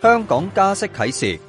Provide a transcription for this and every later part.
香港加息啟示：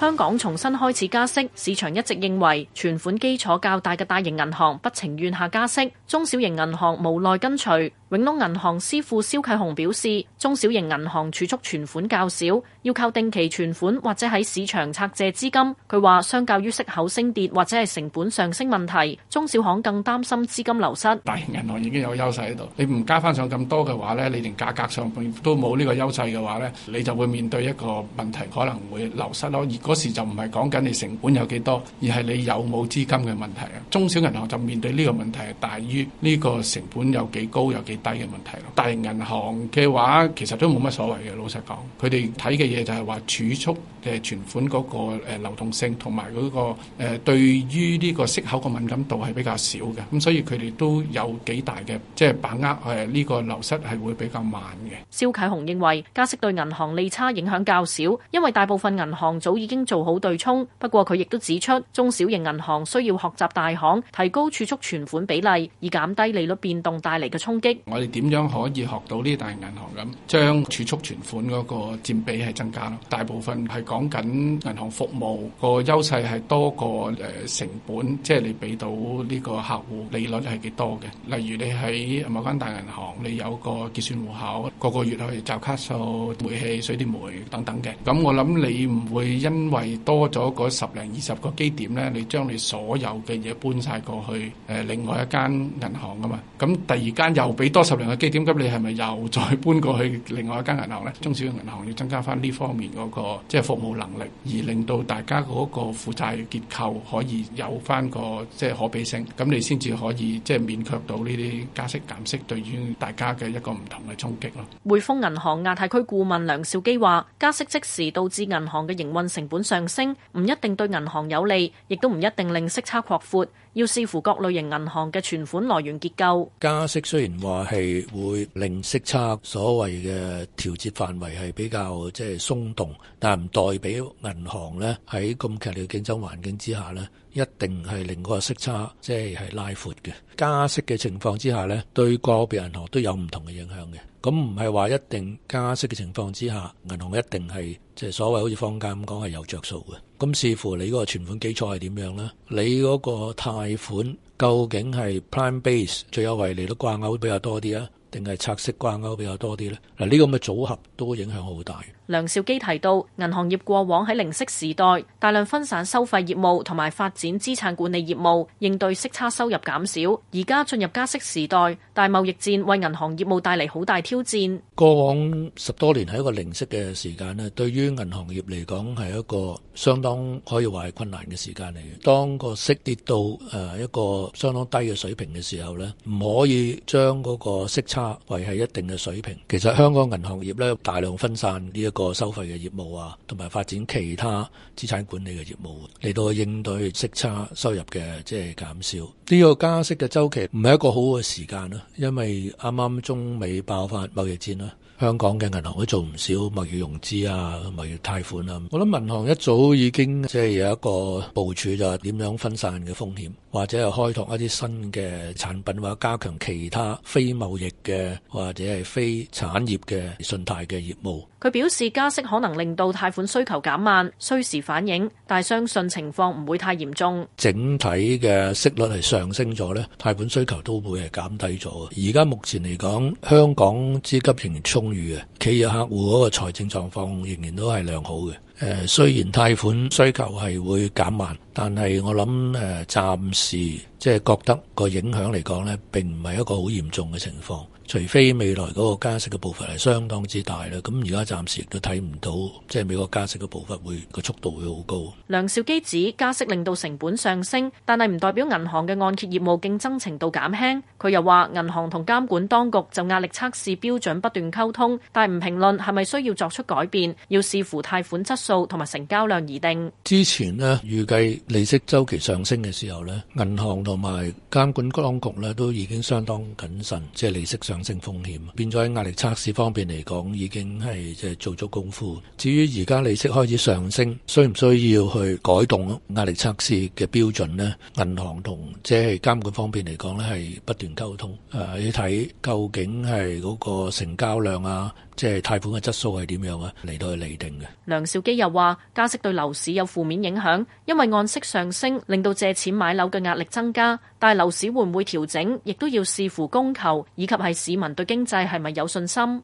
香港重新開始加息，市場一直認為存款基礎較大嘅大型銀行不情願下加息，中小型銀行無奈跟隨。永隆銀行司庫蕭啟洪表示，中小型銀行儲蓄存款較少，要靠定期存款或者喺市場拆借資金。佢話，相較於息口升跌或者係成本上升問題，中小行更擔心資金流失。大型銀行已經有優勢喺度，你唔加返上咁多嘅話咧，你連價格上邊都冇呢個優勢嘅話咧，你就會面對一個問題，可能會流失咯。而嗰時就唔係講緊你成本有幾多，而係你有冇資金嘅問題啊。中小銀行就面對呢個問題係大於呢個成本有幾高有幾。大嘅問題咯，大型銀行嘅話其實都冇乜所謂嘅。老實講，佢哋睇嘅嘢就係話儲蓄嘅存款嗰個誒流動性，同埋嗰個誒對於呢個息口嘅敏感度係比較少嘅。咁所以佢哋都有幾大嘅即係把握誒呢個流失係會比較慢嘅。蕭啟洪認為加息對銀行利差影響較少，因為大部分銀行早已經做好對沖，不過，佢亦都指出，中小型銀行需要學習大行，提高儲蓄存款比例，以減低利率變動帶嚟嘅衝擊。我哋點樣可以學到呢大銀行咁，將儲蓄存款嗰個佔比係增加咯。大部分係講緊銀行服務個優勢係多過誒成本，即係你俾到呢個客戶利率係幾多嘅。例如你喺某間大銀行，你有個結算戶口，個個月去找卡數、煤氣、水電煤等等嘅。咁我諗你唔會因為多咗嗰十零二十個基點咧，你將你所有嘅嘢搬曬過去誒另外一間銀行啊嘛。咁第二間又俾多。十零個基點咁，你係咪又再搬過去另外一間銀行呢？中小銀行要增加翻呢方面嗰個即係服務能力，而令到大家嗰個負債結構可以有翻個即係可比性，咁你先至可以即係勉強到呢啲加息減息對於大家嘅一個唔同嘅衝擊咯。匯豐銀行亞太區顧問梁兆基話：加息即時導致銀行嘅營運成本上升，唔一定對銀行有利，亦都唔一定令息差擴闊，要視乎各類型銀行嘅存款來源結構。加息雖然話，係會令息差，所謂嘅調節範圍係比較即係鬆動，但係唔代表銀行咧喺咁劇烈嘅競爭環境之下咧。一定係令嗰個息差即係係拉闊嘅，加息嘅情況之下呢，對個別銀行都有唔同嘅影響嘅。咁唔係話一定加息嘅情況之下，銀行一定係即係所謂好似坊間咁講係有着數嘅。咁視乎你嗰個存款基礎係點樣啦，你嗰個貸款究竟係 prime base 最優惠嚟都掛鈎比較多啲啊？定係拆息掛鈎比較多啲呢？嗱、這、呢個咁嘅組合都影響好大。梁兆基提到，銀行業過往喺零息時代，大量分散收費業務同埋發展資產管理業務，應對息差收入減少。而家進入加息時代，大貿易戰為銀行業務帶嚟好大挑戰。過往十多年係一個零息嘅時間咧，對於銀行業嚟講係一個相當可以話係困難嘅時間嚟嘅。當個息跌到誒一個相當低嘅水平嘅時候，呢唔可以將嗰個息差，維係一定嘅水平，其實香港銀行業咧大量分散呢一個收費嘅業務啊，同埋發展其他資產管理嘅業務嚟到應對息差收入嘅即係減少。呢個加息嘅周期唔係一個好嘅時間啦，因為啱啱中美爆發貿易戰啦。香港嘅銀行都做唔少物業融資啊、物業貸款啊。我諗銀行一早已經即係有一個部署，就係點樣分散嘅風險，或者係開拓一啲新嘅產品，或者加強其他非貿易嘅或者係非產業嘅信貸嘅業務。佢表示加息可能令到貸款需求減慢，需時反應，但相信情況唔會太嚴重。整體嘅息率係上升咗咧，貸款需求都會係減低咗。而家目前嚟講，香港資金仍然充裕。企業客戶嗰個財政狀況仍然都係良好嘅。誒、呃，雖然貸款需求係會減慢，但係我諗誒，呃、暫時即係覺得個影響嚟講咧，並唔係一個好嚴重嘅情況。除非未來嗰個加息嘅步伐係相當之大咧，咁而家暫時亦都睇唔到，即係美國加息嘅步伐會個速度會好高。梁兆基指加息令到成本上升，但係唔代表銀行嘅按揭業務競爭程度減輕。佢又話銀行同監管當局就壓力測試標準不斷溝通，但係唔評論係咪需要作出改變，要視乎貸款質素同埋成交量而定。之前咧預計利息週期上升嘅時候咧，銀行同埋監管當局咧都已經相當謹慎，即係利息上性風險變咗喺壓力測試方面嚟講，已經係即係做足功夫。至於而家利息開始上升，需唔需要去改動壓力測試嘅標準咧？銀行同即係監管方面嚟講咧，係不斷溝通。誒，要睇究竟係嗰個成交量啊，即係貸款嘅質素係點樣啊，嚟到去釐定嘅。梁兆基又話：加息對樓市有負面影響，因為按息上升令到借錢買樓嘅壓力增加。但係樓市會唔會調整，亦都要視乎供求以及係市。市民對經濟係咪有信心？